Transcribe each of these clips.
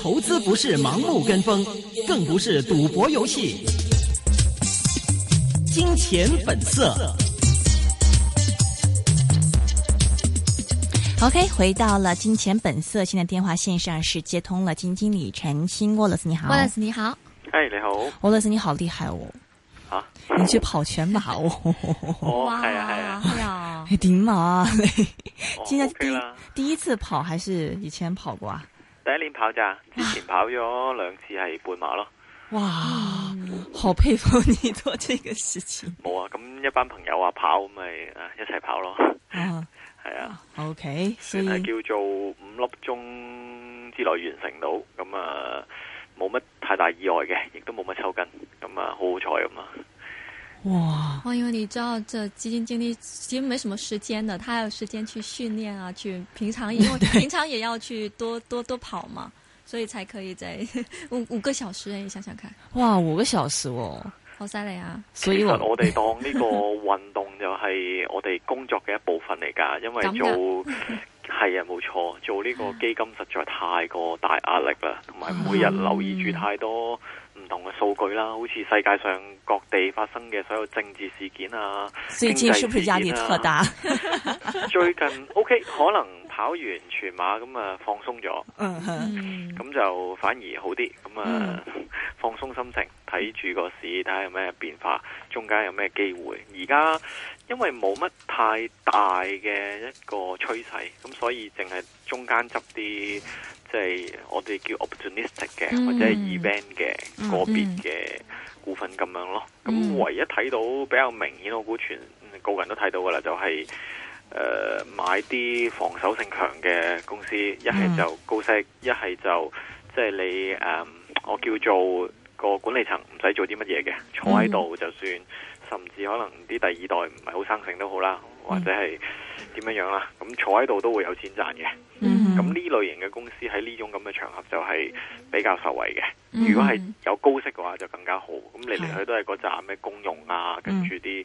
投資不是盲目跟風，更不是賭博遊戲。金錢本色。OK，回到了金錢本色。現在電話線上是接通了金經理陳昕。郭老師你好，郭老師你好，哎，你好，郭老師你好厲害哦。吓！你去跑全馬哦！啊，係啊係啊，點啊！你今日第一次跑，還是以前跑過啊？第一年跑咋？之前跑咗兩次係半馬咯。哇！好佩服你做這個事情。冇啊，咁一班朋友話跑，咪一齊跑咯。啊，係啊。O K，先係叫做五粒鐘之內完成到咁啊。冇乜太大意外嘅，亦都冇乜抽筋，咁啊，好好彩咁啊！哇！哇因為你知道，這基金經理其實沒什麼時間的，他有時間去訓練啊，去平常因為平常也要去多多多跑嘛，所以才可以在五五個小時欸。你想想看，哇，五個小時哦，好犀利啊！所以我我哋當呢個運動就係我哋工作嘅一部分嚟㗎，因為做。係啊，冇錯，做呢個基金實在太過大壓力啦，同埋、嗯、每日留意住太多唔同嘅數據啦，好似、嗯、世界上各地發生嘅所有政治事件啊，經濟事件、啊、是不是壓力特大 最近 OK，可能跑完全馬咁啊，放鬆咗，嗯咁就反而好啲，咁、嗯、啊放鬆心情。睇住個市，睇下有咩變化，中間有咩機會。而家因為冇乜太大嘅一個趨勢，咁所以淨係中間執啲，即、就、係、是、我哋叫 opportunistic 嘅、嗯、或者係 event 嘅個別嘅股份咁樣咯。咁唯一睇到比較明顯，我估全個、嗯、人都睇到噶啦，就係、是、誒、呃、買啲防守性強嘅公司，一係就高息，一係就即係、就是、你誒、嗯，我叫做。個管理層唔使做啲乜嘢嘅，坐喺度就算，mm hmm. 甚至可能啲第二代唔係好生性都好啦，mm hmm. 或者係點樣樣啦，咁坐喺度都會有錢賺嘅。咁呢、mm hmm. 類型嘅公司喺呢種咁嘅場合就係比較受惠嘅。Mm hmm. 如果係有高息嘅話就更加好。咁嚟嚟去都係嗰扎咩公用啊，跟住啲誒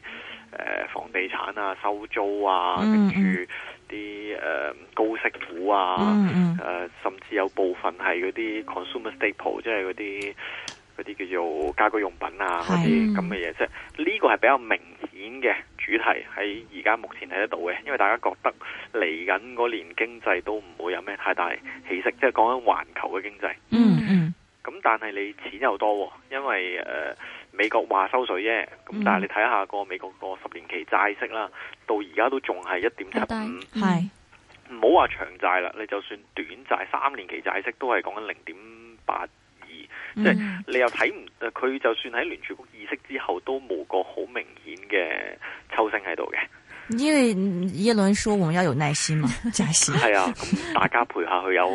房地產啊收租啊，跟住啲誒高息股啊，誒、mm hmm. 呃、甚至有部分係嗰啲 consumer staple，即係嗰啲。嗰啲叫做家居用品啊，啊，嗰啲咁嘅嘢，即係呢個係比較明顯嘅主題喺而家目前睇得到嘅，因為大家覺得嚟緊嗰年經濟都唔會有咩太大起色，即係講緊環球嘅經濟、嗯。嗯嗯。咁但係你錢又多、哦，因為誒、呃、美國話收水啫，咁但係你睇下個美國個十年期債息啦，到而家都仲係一點七五，係唔好話長債啦，你就算短債三年期債息都係講緊零點八。嗯、即係你又睇唔，佢就算喺聯儲局議息之後，都冇個好明顯嘅抽升喺度嘅。因為耶倫說我們要有耐心嘛，加息係啊，咁、嗯、 大家陪下佢有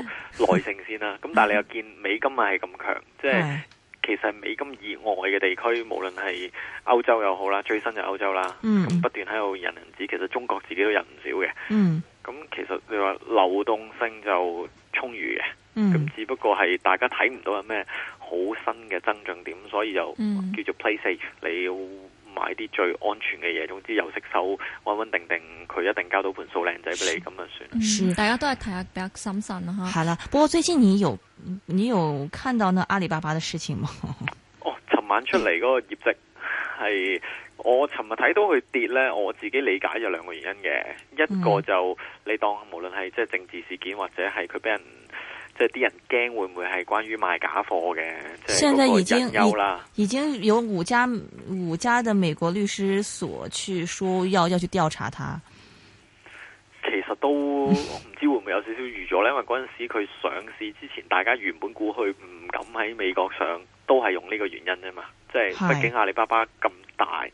耐性先啦。咁但係你又見美金咪係咁強，即係其實美金以外嘅地區，無論係歐洲又好啦，最新就歐洲啦，咁、嗯、不斷喺度印銀紙，其實中國自己都印唔少嘅。嗯，咁、嗯、其實你話流動性就充裕嘅。咁，嗯、只不過係大家睇唔到有咩好新嘅增長點，所以就叫做 play safe, s a f、嗯、你要買啲最安全嘅嘢。總之有息收，穩穩定定，佢一定交到盤數靚仔俾你咁啊是算。嗯，大家都係睇下比較謹慎咯係啦，不過最近你有你有看到呢阿里巴巴嘅事情嗎？哦，尋晚出嚟嗰個業績係 我尋日睇到佢跌咧，我自己理解有兩個原因嘅。一個就你當無論係即係政治事件或者係佢俾人。即係啲人驚會唔會係關於賣假貨嘅，即係已經有啦，已經有五家五家嘅美國律師所去說要要去調查他。其實都唔知會唔會有少少預咗呢？ 因為嗰陣時佢上市之前，大家原本估佢唔敢喺美國上，都係用呢個原因啫嘛。即係畢竟阿里巴巴咁大。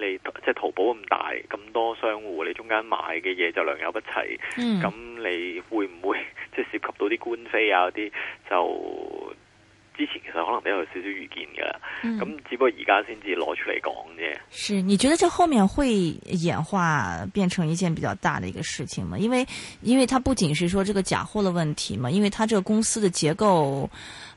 你即係淘寶咁大，咁多商戶，你中間賣嘅嘢就良莠不齊。咁、嗯、你會唔會即係涉及到啲官非啊嗰啲就？之前其實可能都有少少預見嘅，咁、嗯、只不過而家先至攞出嚟講啫。是你覺得這後面會演化變成一件比較大的一個事情嗎？因為因為他不僅是說這個假貨的問題嘛，因為他這個公司的結構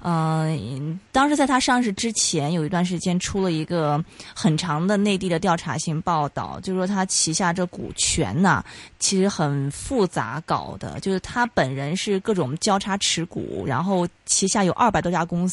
嗯、呃，當時在他上市之前有一段時間出了一個很長的內地的調查性報道，就是說他旗下這股權呢、啊、其實很複雜搞的，就是他本人是各種交叉持股，然後旗下有二百多家公司。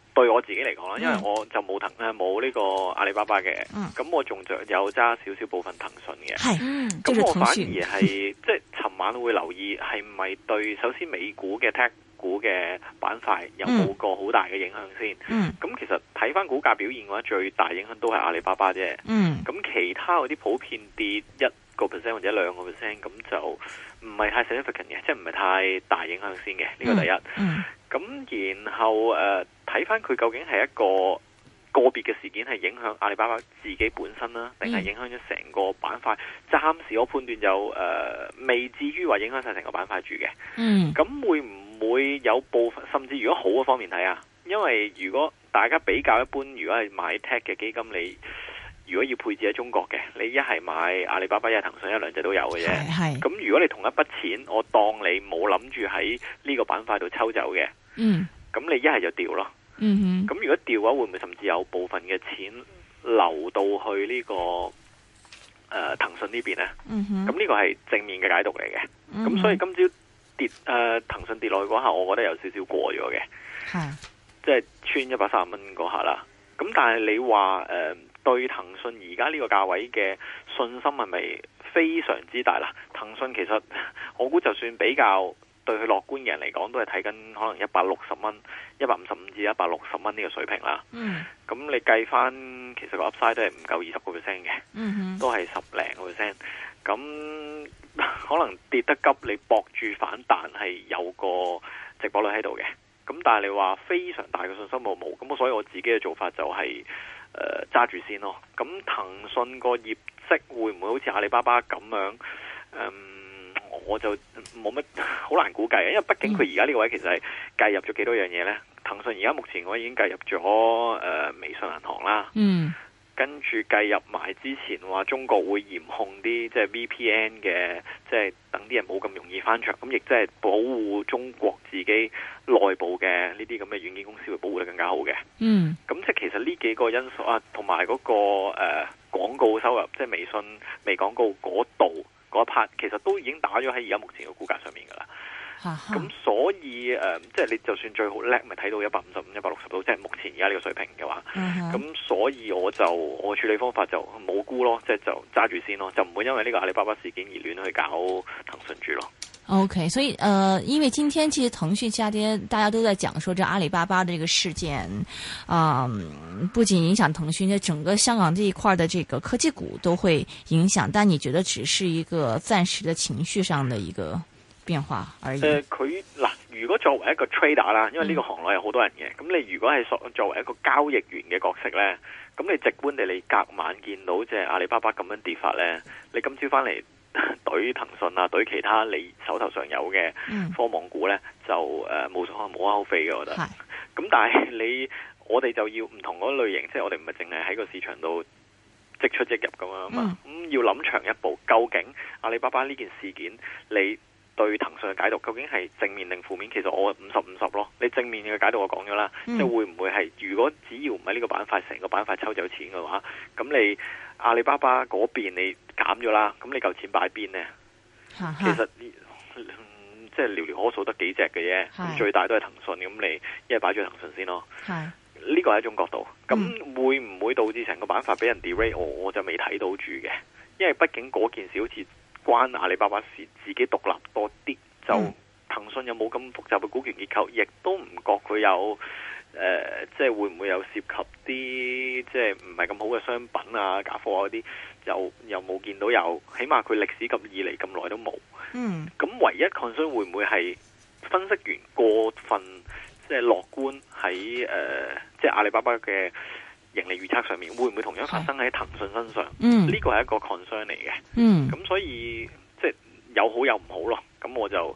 對我自己嚟講啦，因為我就冇騰咧冇呢個阿里巴巴嘅，咁、嗯、我仲着有揸少少部分騰訊嘅，咁是我反而係即係，尋、嗯、晚會留意係咪對首先美股嘅 tech 股嘅板塊有冇個好大嘅影響先？咁、嗯、其實睇翻股價表現嘅話，最大影響都係阿里巴巴啫。咁、嗯、其他嗰啲普遍跌一個 percent 或者兩個 percent，咁就。唔係太 significant 嘅，即係唔係太大影響先嘅，呢個第一。咁、嗯嗯、然後誒，睇返佢究竟係一個個別嘅事件，係影響阿里巴巴自己本身啦，定係影響咗成個板塊？暫、嗯、時我判斷就誒、呃，未至於話影響晒成個板塊住嘅。咁、嗯、會唔會有部分？甚至如果好嘅方面睇啊，因為如果大家比較一般，如果係買 tech 嘅基金，你。如果要配置喺中國嘅，你一係買阿里巴巴，一係騰訊，一兩隻都有嘅啫。咁如果你同一筆錢，我當你冇諗住喺呢個板塊度抽走嘅，咁、嗯、你一係就掉咯。咁、嗯、哼如果掉嘅話，會唔會甚至有部分嘅錢流到去呢、呢個誒、呃、騰訊呢邊呢？咁呢、嗯、哼個係正面嘅解讀嚟嘅。咁、嗯、哼所以今朝跌誒、呃、騰訊跌落去嗰下，我覺得有少少過咗嘅，是即係穿一百三十蚊嗰下啦。咁但係你話誒、呃對騰訊而家呢個價位嘅信心係咪非常之大啦？騰訊其實我估就算比較對佢樂觀嘅人嚟講，都係睇緊可能一百六十蚊，一百五十五至一百六十蚊呢個水平啦。咁、嗯、你計翻其實個 Upside 都係唔夠二、嗯、哼十個 percent 嘅，都係十零個 percent。咁可能跌得急，你搏住反彈係有個值博率喺度嘅。咁但係你話非常大嘅信心冇。冇，咁所以我自己嘅做法就係、是。呃，揸住先咯。咁騰訊個業績會唔會好似阿里巴巴咁樣？嗯，我就冇乜好難估計，因為畢竟佢而家呢個位其實係計入咗幾多樣嘢呢。騰訊而家目前我已經計入咗誒、呃，微信銀行啦。嗯，跟住計入埋之前話中國會嚴控啲，即係 VPN 嘅，即係等啲人冇咁容易翻牆。咁亦即係保護中國自己內部嘅呢啲咁嘅軟件公司，會保護得更加好嘅。嗯。即係其實呢幾個因素啊，同埋嗰個誒、呃、廣告收入，即係微信微廣告嗰度嗰一 part，其實都已經打咗喺而家目前嘅股價上面噶啦。咁、uh huh. 所以誒、呃，即係你就算最好叻，咪睇到一百五十五、一百六十度，即係目前而家呢個水平嘅話。咁、uh huh. 所以我就我處理方法就冇估咯，即係就揸住先咯，就唔會因為呢個阿里巴巴事件而亂去搞騰訊住咯。O.K. 所以，呃，因為今天其實騰訊下跌，大家都在講說，這阿里巴巴的這個事件，啊、呃，不僅影響騰訊，呢整個香港這一塊的這個科技股都會影響。但你覺得只是一個暫時的情緒上的一個變化而已。誒、呃，佢嗱，如果作為一個 trader 啦，因為呢個行內有好多人嘅，咁、嗯、你如果係作為一個交易員嘅角色咧，咁你直觀地你隔晚見到即係阿里巴巴咁樣跌法咧，你今朝翻嚟。對騰訊啊，對其他你手頭上有嘅科網股呢，嗯、就誒冇、呃、所謂冇話可厚非嘅，我覺得。咁是但係你我哋就要唔同嗰類型，即、就、係、是、我哋唔係淨係喺個市場度即出即入咁樣嘛。咁、嗯、要諗長一步，究竟阿里巴巴呢件事件，你對騰訊嘅解讀究竟係正面定負面？其實我五十五十咯。你正面嘅解讀我講咗啦，即係、嗯、會唔會係如果只要唔係呢個板塊，成個板塊抽走錢嘅話，咁你？阿里巴巴嗰邊你減咗啦，咁你嚿錢擺邊呢？嗯、其實是、嗯、即係寥寥可數得幾隻嘅啫。是最大都係騰訊，咁你一係擺住騰訊先咯。呢個係一種角度，咁、嗯、會唔會導致成個板塊俾人 de-rate？我我就未睇到住嘅，因為畢竟嗰件事好似關阿里巴巴事，自己獨立多啲。就騰訊、嗯、有冇咁複雜嘅股權結構，亦都唔覺佢有。誒、呃，即係會唔會有涉及啲即係唔係咁好嘅商品啊、假貨啊嗰啲？又又冇見到有，又起碼佢歷史咁以嚟，咁耐都冇。嗯，咁唯一 concern 會唔會係分析員過分即係樂觀喺誒、呃，即係阿里巴巴嘅盈利預測上面，會唔會同樣發生喺騰訊身上？嗯，呢個係一個 concern 嚟嘅。嗯，咁所以即係有好有唔好咯。咁我就。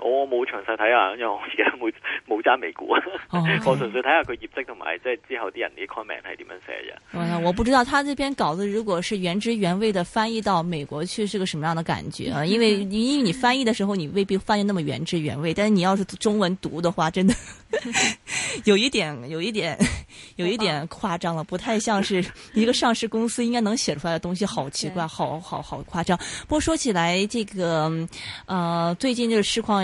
我冇、哦、詳細睇下，因為我而家冇冇揸美股啊，oh, okay. 我純粹睇下佢業績同埋即係之後啲人啲 comment 係點樣寫嘅。哎呀、嗯，我不知道他這篇稿子如果是原汁原味的翻譯到美國去，是個什麼樣的感覺啊？ 因為你因為你翻譯的時候，你未必翻譯那麼原汁原味，但是你要是中文讀的話，真的 有一點、有一點、有一點誇張了，不太像是一個上市公司應該能寫出來的東西，好奇怪，Okay. 好好好，好誇張。不過說起來，這個，呃，最近這個市況。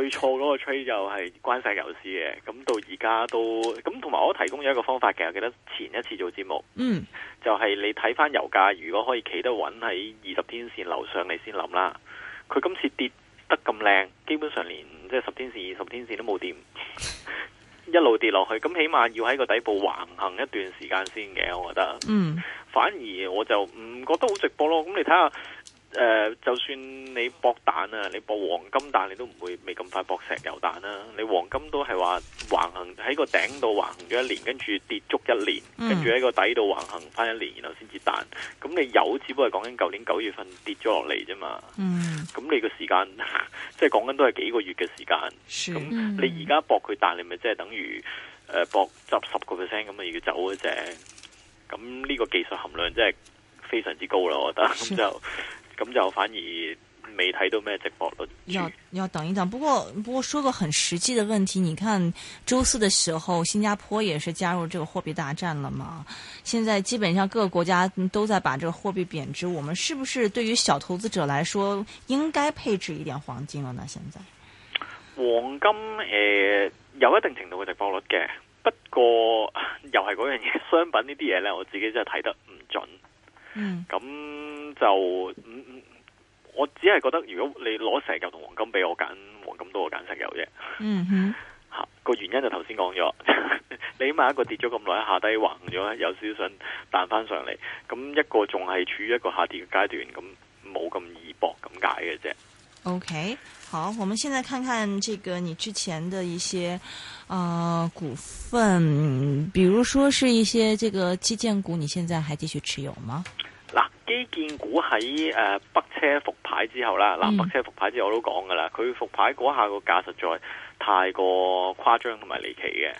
最初嗰個趨勢就係關晒油市嘅，咁到而家都咁，同埋我提供咗一個方法嘅，我記得前一次做節目，嗯，就係你睇翻油價，如果可以企得穩喺二十天線樓上，你先諗啦。佢今次跌得咁靚，基本上連即係十天線、二十天線都冇掂，一路跌落去，咁起碼要喺個底部橫行一段時間先嘅，我覺得。嗯，反而我就唔覺得好直播咯，咁你睇下。誒，uh, 就算你搏彈啊，你搏黃金彈，你都唔會未咁快搏石油彈啦、啊。你黃金都係話橫行喺個頂度橫行咗一年，跟住跌足一年，跟住喺個底度橫行翻一年，然後先至彈。咁你油只不過係講緊舊年九月份跌咗落嚟啫嘛。咁、嗯、你個時間即係講緊都係幾個月嘅時間。咁、嗯、你而家搏佢彈，你咪即係等於誒搏執十個 percent 咁啊要走嗰隻。咁呢個技術含量真係非常之高啦，我覺得咁就。嗯咁就反而未睇到咩值博率。要要等一等，不過不過，說個很實際的問題，你看周四的時候，新加坡也是加入這個貨幣大戰了嘛？現在基本上各個國家都在把這個貨幣貶值，我們是不是對於小投資者來說應該配置一點黃金了呢？現在黃金誒、呃，有一定程度嘅值博率嘅，不過又係嗰樣嘢，商品呢啲嘢呢，我自己真係睇得唔準。嗯，咁。就嗯嗯，我只係覺得如果你攞石油同黃金俾我揀，黃金都我揀石油啫。嗯哼，吓個 原因就頭先講咗， 你起碼一個跌咗咁耐，下低橫咗，有少少想彈翻上嚟。咁、嗯、一個仲係處於一個下跌嘅階段，咁冇咁易博咁解嘅啫。OK，好，我們現在看看這個你之前的一些、呃、股份，比如說是一些這個基建股，你現在還繼續持有嗎？基建股喺誒北車復牌之後啦，南北車復牌之後我都講噶啦，佢復、嗯、牌嗰下個價實在太過誇張同埋離奇嘅，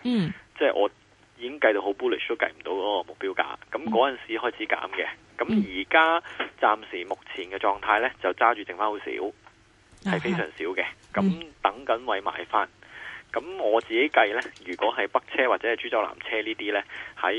即係、嗯、我已經計到好 bullish 都計唔到嗰個目標價。咁嗰陣時開始減嘅，咁而家暫時目前嘅狀態呢，就揸住剩翻好少，係非常少嘅，咁等緊位買翻。嗯。咁我自己計呢，如果係北車或者係株洲南車呢啲呢，喺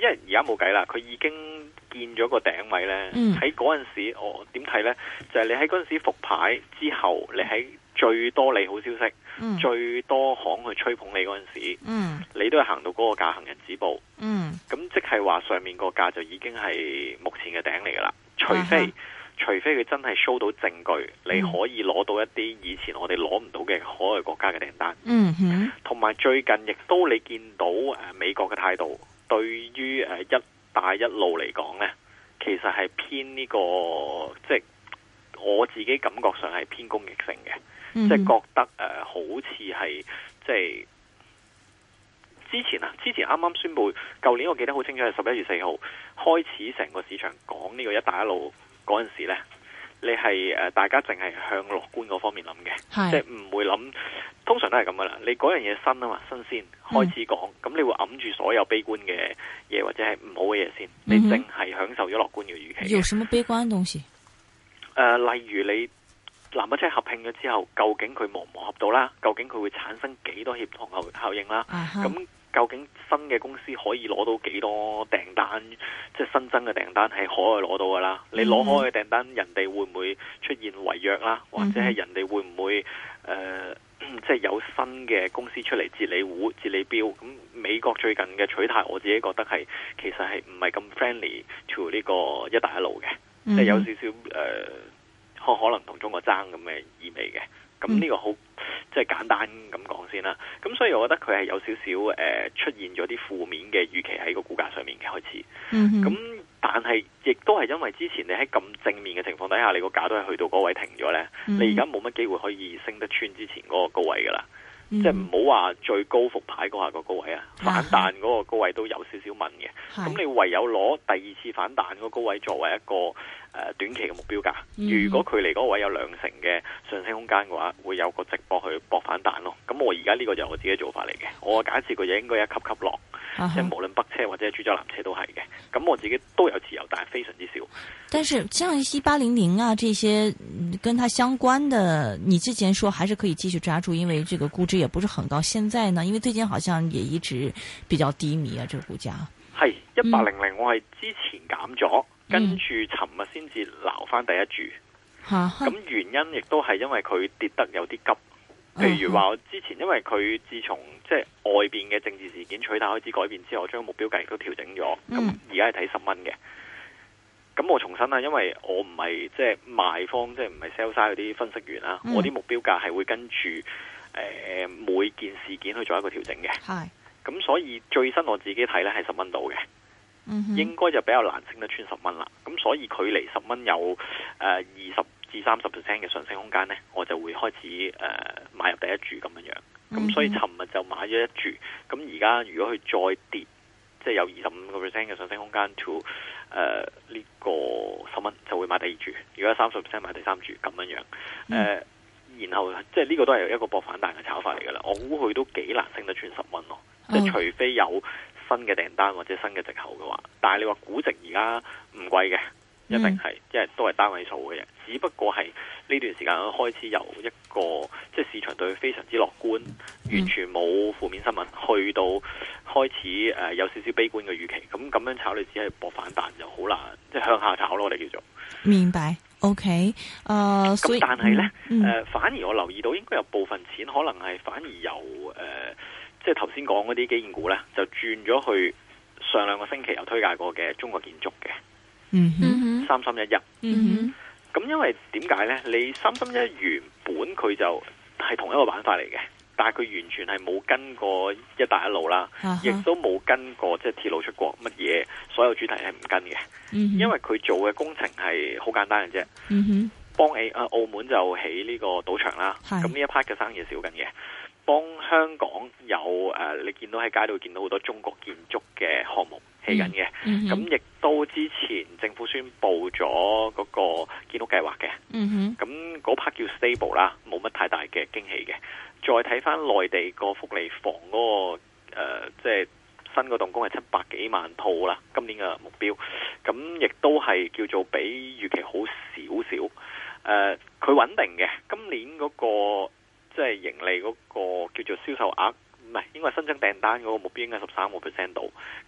因為而家冇計啦，佢已經見咗個頂位呢，喺嗰陣時，我點睇呢？就係、是、你喺嗰陣時復牌之後，你喺最多利好消息、嗯、最多行去吹捧你嗰陣時，嗯、你都係行到嗰個價行人止步。咁、嗯、即係話上面個價就已經係目前嘅頂嚟㗎啦，除非，啊除非佢真係 show 到證據，你可以攞到一啲以前我哋攞唔到嘅海外國家嘅訂單，嗯，同埋最近亦都你見到誒美國嘅態度，對於誒一帶一路嚟講咧，其實係偏呢個，即係我自己感覺上係偏攻益性嘅，即係覺得誒好似係即係之前啊，之前啱啱宣布，舊年我記得好清楚係十一月四號開始，成個市場講呢個一帶一路。嗰陣時呢，你係誒、呃、大家淨係向樂觀嗰方面諗嘅，即係唔會諗。通常都係咁噶啦，你嗰樣嘢新啊嘛，新鮮、嗯、開始講，咁你會揞住所有悲觀嘅嘢或者係唔好嘅嘢先。你淨係享受咗樂觀嘅預期。有什麼悲觀嘅東西，呃？例如你南北車合併咗之後，究竟佢磨唔磨合到啦？究竟佢會產生幾多協同效應啦？咁、啊哈。嗯究竟新嘅公司可以攞到幾多訂單，即係新增嘅訂單係可以攞到噶啦？你攞開嘅訂單，人哋會唔會出現違約啦？或者係人哋會唔會誒、呃、即係有新嘅公司出嚟截你壺、截你標，咁美國最近嘅取態我自己覺得係其實係唔係咁 friendly to 呢個一帶一路嘅，即係、嗯、有少少誒可可能同中國爭咁嘅意味嘅。咁呢、嗯、個好即係簡單咁講先啦。咁所以我覺得佢係有少少誒出現咗啲負面嘅預期喺個股價上面嘅開始。咁、嗯、哼但係亦都係因為之前你喺咁正面嘅情況底下，你個價都係去到嗰位停咗咧。你而家冇乜機會可以升得穿之前嗰個高位噶啦。即係唔好話最高復牌嗰下個高位啊，反彈嗰個高位都有少少問嘅。咁是的 你唯有攞第二次反彈嗰個高位作為一個誒短期嘅目標價。如果距離嗰個位有兩成嘅上升空間嘅話，會有個直播去搏反彈咯。咁我而家呢個就係我自己做法嚟嘅。我假設佢應該一級級落。Uh huh. 即係無論北車或者係株洲南車都係嘅，咁我自己都有自由，但係非常之少。但是像一八零零啊，這些跟它相關的，你之前說還是可以繼續抓住，因為這個估值也不是很高。現在呢，因為最近好像也一直比較低迷啊，這個股價。係一八零零，我係之前減咗，uh huh. 跟住尋日先至撈翻第一注。咁、uh huh. 原因亦都係因為佢跌得有啲急。譬如話我之前，因為佢自從即係外邊嘅政治事件取態開始改變之後，將目標價亦都調整咗。咁而家係睇十蚊嘅。咁我重新啦，因為我唔係即係賣方，即係唔係 sell side 嗰啲分析員啦。我啲目標價係會跟住誒、呃、每件事件去做一個調整嘅。係。咁所以最新我自己睇咧係十蚊度嘅。嗯。應該就比較難升得穿十蚊啦。咁所以距離十蚊有誒二十。呃二三十 percent 嘅上升空間呢，我就會開始誒、呃、買入第一注咁樣樣，咁所以尋日就買咗一注，咁而家如果佢再跌，即係有二十五個 percent 嘅上升空間 to 誒、呃、呢個十蚊，就會買第二注；如果三十 percent 買第三注咁樣樣，誒、呃嗯、然後即係呢個都係一個博反彈嘅炒法嚟㗎啦。我估佢都幾難升得穿十蚊咯，即係除非有新嘅訂單或者新嘅藉口嘅話，但係你話估值而家唔貴嘅。一定係，即係都係單位數嘅嘢，只不過係呢段時間開始由一個，即係市場對佢非常之樂觀，完全冇負面新聞，去到開始誒、呃、有少少悲觀嘅預期。咁咁樣炒你只係博反彈就好難，即係向下炒咯，我哋叫做明白。OK，誒，咁但係呢，誒、嗯呃，反而我留意到應該有部分錢可能係反而由誒、呃，即係頭先講嗰啲基建股呢，就轉咗去上兩個星期有推介過嘅中國建築嘅。Mm hmm. 三三一一，嗯咁、mm hmm. 因為點解呢？你三三一原本佢就係同一個板塊嚟嘅，但係佢完全係冇跟過一帶一路啦，亦、uh huh. 都冇跟過即係鐵路出國乜嘢，所有主題係唔跟嘅，mm hmm. 因為佢做嘅工程係好簡單嘅啫，嗯哼、mm，幫、hmm. 呃、澳門就起呢個賭場啦，咁呢、uh huh. 一 part 嘅生意少緊嘅，幫香港有誒、呃，你見到喺街度見到好多中國建築嘅項目。起緊嘅，咁、嗯嗯、亦都之前政府宣布咗嗰個建屋計劃嘅，咁嗰 part 叫 stable 啦，冇乜太大嘅驚喜嘅。再睇翻內地個福利房嗰、那個即係、呃就是、新嗰動工係七百幾萬套啦，今年嘅目標，咁亦都係叫做比預期好少少。佢、呃、穩定嘅，今年嗰、那個即係、就是、盈利嗰個叫做銷售額。因為新增訂單嗰個目標應該十三個 percent 到，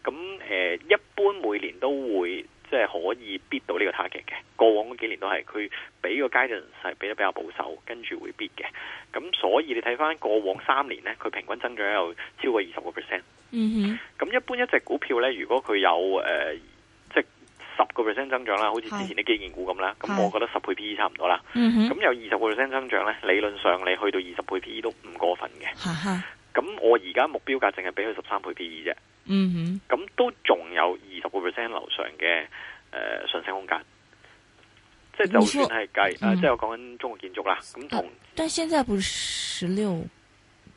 咁誒、呃，一般每年都會即係可以 beat 到呢個 target 嘅。過往嗰幾年都係佢俾個 guidance 係俾得比較保守，跟住會 beat 嘅。咁所以你睇翻過往三年咧，佢平均增長有超過二十個 percent。咁、嗯、哼一般一隻股票咧，如果佢有誒、呃，即係十個 percent 增長啦，好似之前啲基建股咁啦，咁是我覺得十倍 PE 差唔多啦。咁、嗯、哼有二十個 percent 增長咧，理論上你去到二十倍 PE 都唔過分嘅。是是咁我而家目標價淨係俾佢十三倍 P/E 啫，咁、嗯、哼都仲有二十個 percent 樓上嘅誒上升空間。即係就算係計誒，即係我講緊中國建築啦。咁同、啊、但現在不是十六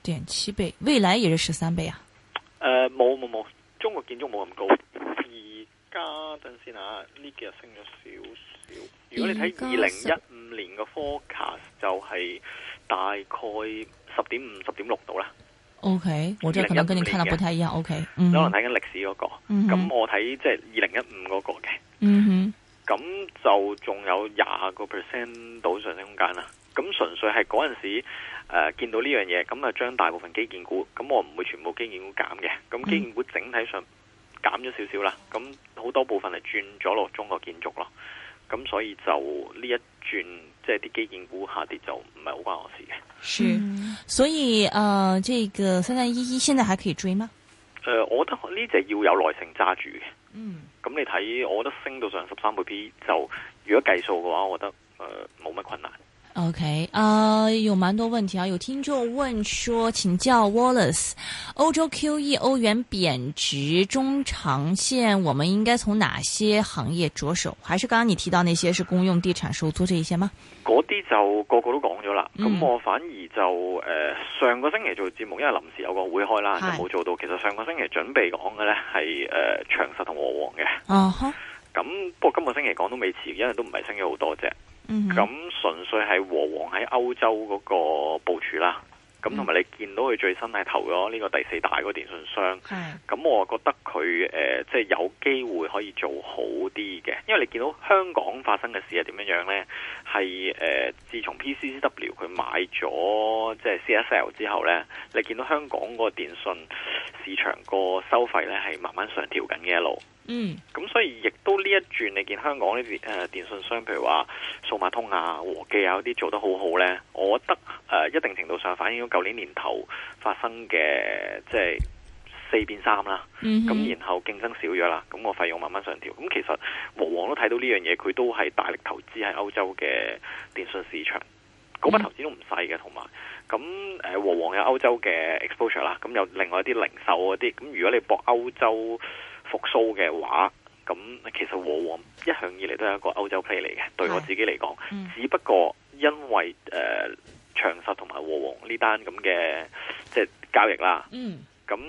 點七倍，未來也是十三倍啊？誒、呃，冇冇冇，中國建築冇咁高。而家陣先啊，呢幾日升咗少少。如果你睇二零一五年嘅 forecast，就係大概十點五、十點六度啦。O、okay, K，我即係想睇下具體，而可能睇緊歷史嗰個，咁我睇即係二零一五嗰個嘅，咁就仲有廿個 percent 到上升空間啦。咁純粹係嗰陣時誒見到呢樣嘢，咁啊將大部分基建股，咁我唔會全部基建股減嘅，咁基建股整體上減咗少少啦。咁好多部分係轉咗落中國建築咯，咁所以就呢一轉。即係啲基建股下跌就唔係好關我的事嘅。是，所以，誒、呃，這個三三一一現在還可以追嗎？誒、呃，我覺得呢只要有耐性揸住嘅。嗯，咁你睇，我覺得升到上十三倍 P 就，如果計數嘅話，我覺得誒冇乜困難。OK，啊、呃，有蠻多問題啊，有聽眾問說，請教 Wallace，歐洲 QE，歐元貶值中長線，我們應該從哪些行業着手？還是剛剛你提到那些是公用地産收租這一些嗎？嗰啲就個個都講咗啦，咁、嗯、我反而就誒、呃、上個星期做節目，因為臨時有個會開啦，是就冇做到。其實上個星期準備講嘅咧係誒長實同和黃嘅，咁、uh huh. 不過今個星期講都未遲，因為都唔係升咗好多啫。咁純粹係和黃喺歐洲嗰個部署啦，咁同埋你見到佢最新係投咗呢個第四大嗰電信商，咁我覺得佢誒即係有機會可以做好啲嘅，因為你見到香港發生嘅事係點樣樣呢？係誒、呃，自從 PCCW 佢買咗即係 CSL 之後呢，你見到香港個電信市場個收費呢係慢慢上調緊嘅一路。嗯，咁所以亦都呢一轉，你見香港呢啲誒電信商，譬如話數碼通啊、和記啊，嗰啲做得好好呢，我覺得誒、呃，一定程度上反映咗舊年年頭發生嘅即係。四變三啦，咁、嗯、哼然後競爭少咗啦，咁個費用慢慢上調。咁其實和黃都睇到呢樣嘢，佢都係大力投資喺歐洲嘅電訊市場，嗰筆投資都唔細嘅。同埋，咁誒和黃有歐洲嘅 exposure 啦，咁有另外一啲零售嗰啲。咁如果你博歐洲復蘇嘅話，咁其實和黃一向以嚟都係一個歐洲 play 嚟嘅。是對我自己嚟講，嗯、只不過因為誒長實同埋和黃呢單咁嘅即係交易啦，嗯。咁誒，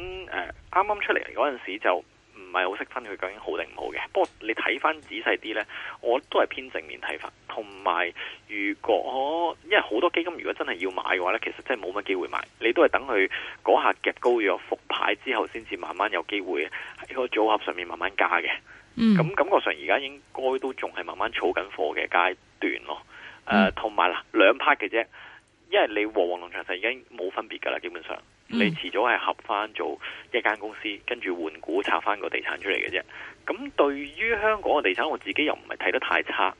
啱啱出嚟嗰陣時就唔係好識分佢究竟好定唔好嘅。不過你睇翻仔細啲呢，我都係偏正面睇法。同埋，如果因為好多基金如果真係要買嘅話呢，其實真係冇乜機會買。你都係等佢嗰下劇高咗復牌之後，先至慢慢有機會喺個組合上面慢慢加嘅。咁、嗯、感覺上而家應該都仲係慢慢儲緊貨嘅階段咯。同埋啦，兩 part 嘅啫，因為你和黃龍長實已經冇分別噶啦，基本上。你遲早係合翻做一間公司，跟住換股拆翻個地產出嚟嘅啫。咁對於香港嘅地產，我自己又唔係睇得太差。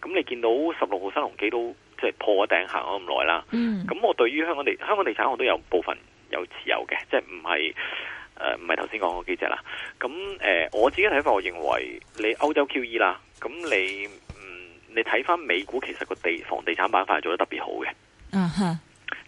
咁你見到十六號新鴻基都即係破咗頂行咗咁耐啦。咁我對於香港地香港地產，我都有部分有持有嘅，即係唔係唔係頭先講嘅幾隻啦。咁、呃呃、我自己睇法，我認為你歐洲 QE 啦，咁你嗯你睇翻美股，其實個地房地產板塊做得特別好嘅。嗯哼、uh。Huh.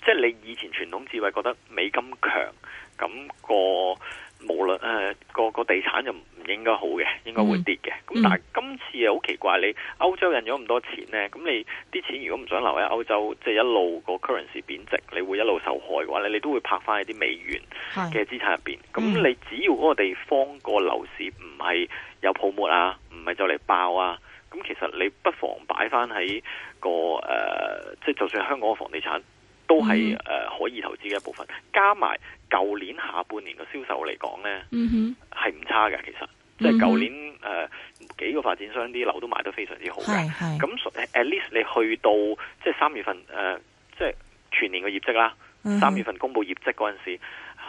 即係你以前傳統智慧覺得美金強，咁、個無論誒、呃、個個地產就唔應該好嘅，應該會跌嘅。咁、mm hmm. 但係今次係好奇怪，你歐洲印咗咁多錢呢？咁你啲錢如果唔想留喺歐洲，即、就、係、是、一路個 currency 貶值，你會一路受害嘅話咧，你都會拍翻喺啲美元嘅資產入邊。咁、mm hmm. 你只要嗰個地方、個樓市唔係有泡沫啊，唔係就嚟爆啊，咁其實你不妨擺翻喺個誒，即、呃、係就算香港嘅房地產。都係誒可以投資嘅一部分，加埋舊年下半年嘅銷售嚟講咧，係唔差㗎。其實即係舊年誒、呃、幾個發展商啲樓都賣得非常之好嘅。咁 at least 你去到即係三月份誒，即、呃、係、就是、全年嘅業績啦。三、嗯、哼月份公布業績嗰陣時，誒、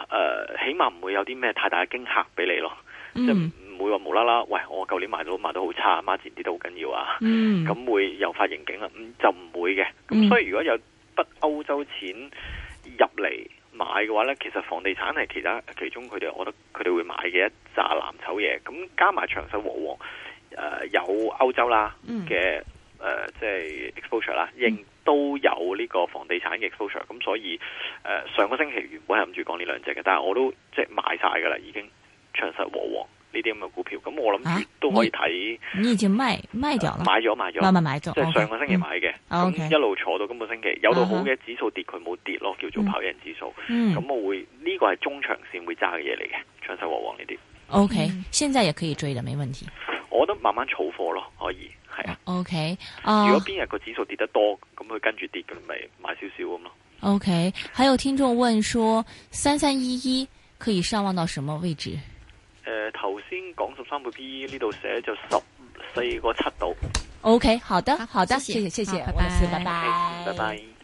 呃、起碼唔會有啲咩太大嘅驚嚇俾你咯。即唔、嗯、會話無啦啦，喂！我舊年賣到賣到好差，孖展啲都好緊要啊。咁、嗯、會又發盈警啦，就唔會嘅。咁所以如果有不歐洲錢入嚟買嘅話呢，其實房地產係其他其中佢哋，我覺得佢哋會買嘅一扎藍籌嘢。咁加埋長實和黃，誒、呃、有歐洲啦嘅誒，即、呃、係、就是、exposure 啦，亦都有呢個房地產嘅 exposure。咁所以誒、呃、上個星期原本係諗住講呢兩隻嘅，但係我都即係買晒噶啦，已經長實和黃。呢啲咁嘅股票，咁我諗都可以睇。你已經賣賣咗，買咗賣咗，即係上個星期買嘅，一路坐到今個星期，有到好嘅指數跌，佢冇跌咯，叫做跑贏指數。咁我會呢個係中長線會揸嘅嘢嚟嘅，長生和黃呢啲。O K，現在也可以追嘅，沒問題。我覺得慢慢儲貨咯，可以係啊。O K，如果邊日個指數跌得多，咁佢跟住跌，咁咪買少少咁咯。O K，還有聽眾問說，三三一一可以上望到什麼位置？誒，頭先講十三倍 b 呢度寫咗十四個七度。O、okay, K，好的，好，好的，謝謝，謝謝，謝謝，好，拜拜，拜拜。Bye bye okay, bye bye